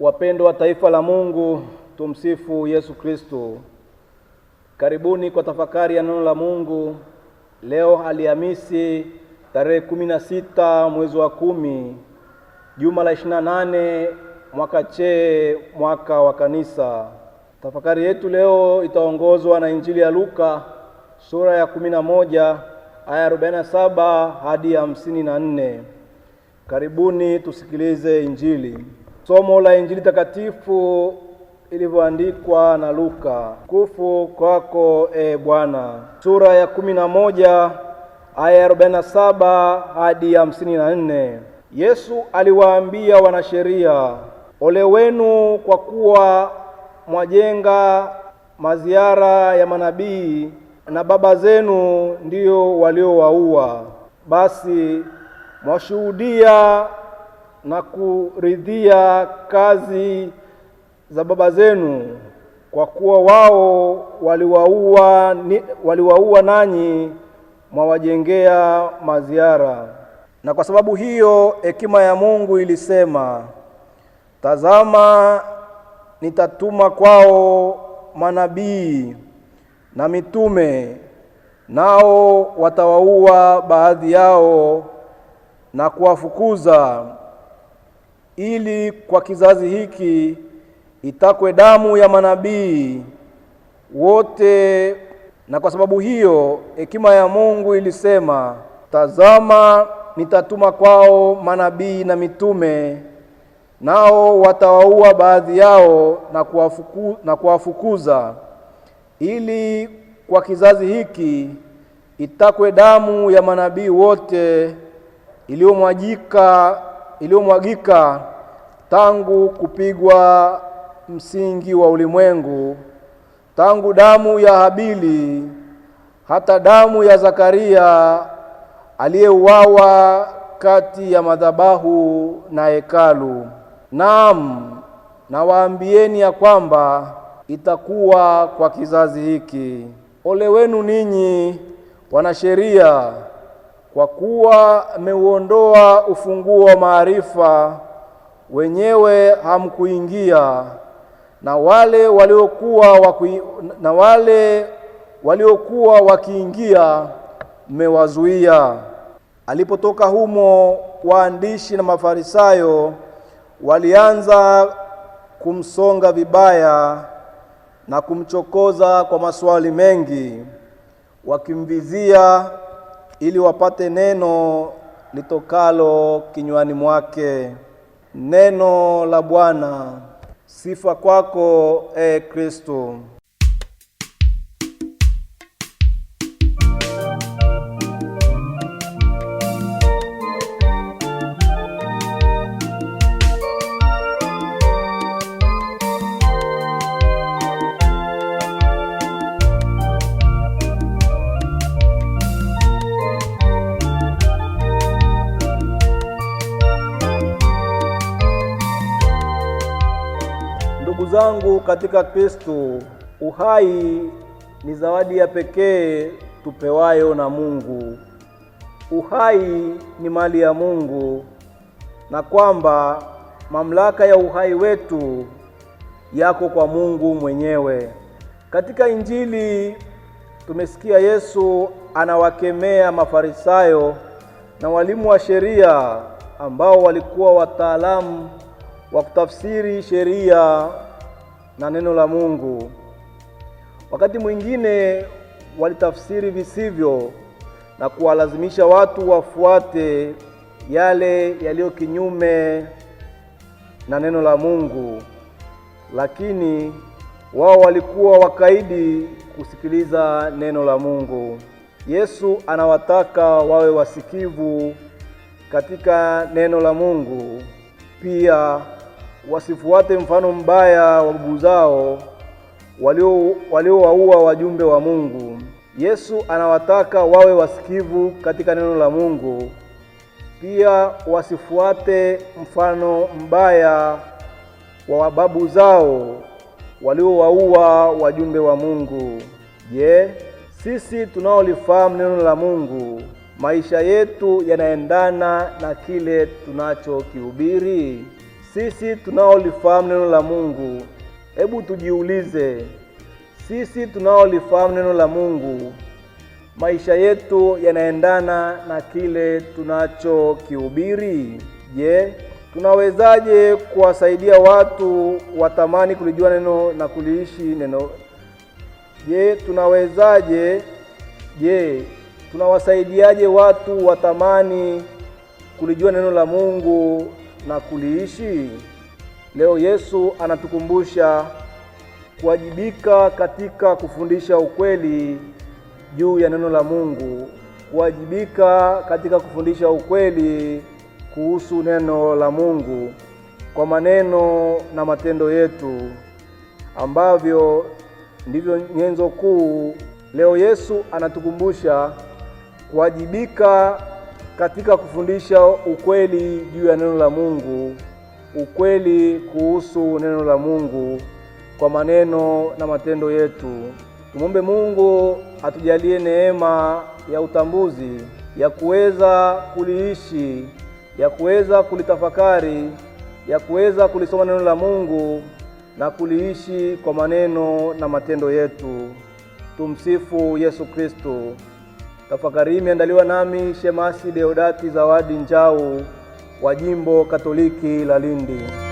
Wapendwa taifa la Mungu, tumsifu Yesu Kristo. Karibuni kwa tafakari ya neno la Mungu leo Alhamisi tarehe 16 sita mwezi wa kumi juma la 28 mwaka chee mwaka wa Kanisa. Tafakari yetu leo itaongozwa na Injili ya Luka sura ya 11 aya 47 saba hadi hamsini na Karibuni tusikilize Injili. Somo la Injili takatifu ilivyoandikwa na Luka. Kufu kwako e Bwana. Sura ya kumi na moja aya arobaini na saba hadi ya hamsini na nne. Yesu aliwaambia wanasheria, ole wenu kwa kuwa mwajenga maziara ya manabii na baba zenu ndio waliowaua. Basi mwashuhudia na kuridhia kazi za baba zenu, kwa kuwa wao waliwaua, waliwaua nanyi mwawajengea maziara. Na kwa sababu hiyo hekima ya Mungu ilisema, tazama, nitatuma kwao manabii na mitume, nao watawaua baadhi yao na kuwafukuza ili kwa kizazi hiki itakwe damu ya manabii wote. Na kwa sababu hiyo hekima ya Mungu ilisema, tazama, nitatuma kwao manabii na mitume, nao watawaua baadhi yao na kuwafuku, na kuwafukuza, ili kwa kizazi hiki itakwe damu ya manabii wote iliyomwajika iliyomwagika tangu kupigwa msingi wa ulimwengu, tangu damu ya Habili hata damu ya Zakaria aliyeuawa kati ya madhabahu na hekalu. Naam, nawaambieni ya kwamba itakuwa kwa kizazi hiki. Ole wenu ninyi wanasheria kwa kuwa ameuondoa ufunguo wa maarifa, wenyewe hamkuingia, na wale waliokuwa waku, na wale waliokuwa wakiingia mmewazuia. Alipotoka humo, waandishi na Mafarisayo walianza kumsonga vibaya na kumchokoza kwa maswali mengi, wakimvizia ili wapate neno litokalo kinywani mwake, neno la Bwana. Sifa kwako, e Kristo. zangu katika Kristo, uhai ni zawadi ya pekee tupewayo na Mungu. Uhai ni mali ya Mungu, na kwamba mamlaka ya uhai wetu yako kwa Mungu mwenyewe. Katika Injili tumesikia Yesu anawakemea Mafarisayo na walimu wa sheria ambao walikuwa wataalamu wa kutafsiri sheria na neno la Mungu. Wakati mwingine walitafsiri visivyo na kuwalazimisha watu wafuate yale yaliyo kinyume na neno la Mungu, lakini wao walikuwa wakaidi kusikiliza neno la Mungu. Yesu anawataka wawe wasikivu katika neno la Mungu pia wasifuate mfano mbaya wa babu zao waliowaua wajumbe wa Mungu. Yesu anawataka wawe wasikivu katika neno la Mungu, pia wasifuate mfano mbaya wa babu zao waliowaua wajumbe wa Mungu. Je, sisi tunaolifahamu neno la Mungu, maisha yetu yanaendana na kile tunachokihubiri? Sisi tunaolifahamu neno la Mungu, hebu tujiulize, sisi tunaolifahamu neno la Mungu, maisha yetu yanaendana na kile tunachokihubiri? Je, tunawezaje kuwasaidia watu watamani kulijua neno na kuliishi neno? Je, tunawezaje? Je, tunawasaidiaje watu watamani kulijua neno la Mungu na kuliishi. Leo Yesu anatukumbusha kuwajibika katika kufundisha ukweli juu ya neno la Mungu, kuwajibika katika kufundisha ukweli kuhusu neno la Mungu kwa maneno na matendo yetu, ambavyo ndivyo nyenzo kuu. Leo Yesu anatukumbusha kuwajibika katika kufundisha ukweli juu ya neno la Mungu, ukweli kuhusu neno la Mungu kwa maneno na matendo yetu. Tumwombe Mungu atujalie neema ya utambuzi, ya kuweza kuliishi, ya kuweza kulitafakari, ya kuweza kulisoma neno la Mungu na kuliishi kwa maneno na matendo yetu. Tumsifu Yesu Kristo. Tafakari hii imeandaliwa nami Shemasi Deodati Zawadi Njau wa Jimbo Katoliki la Lindi.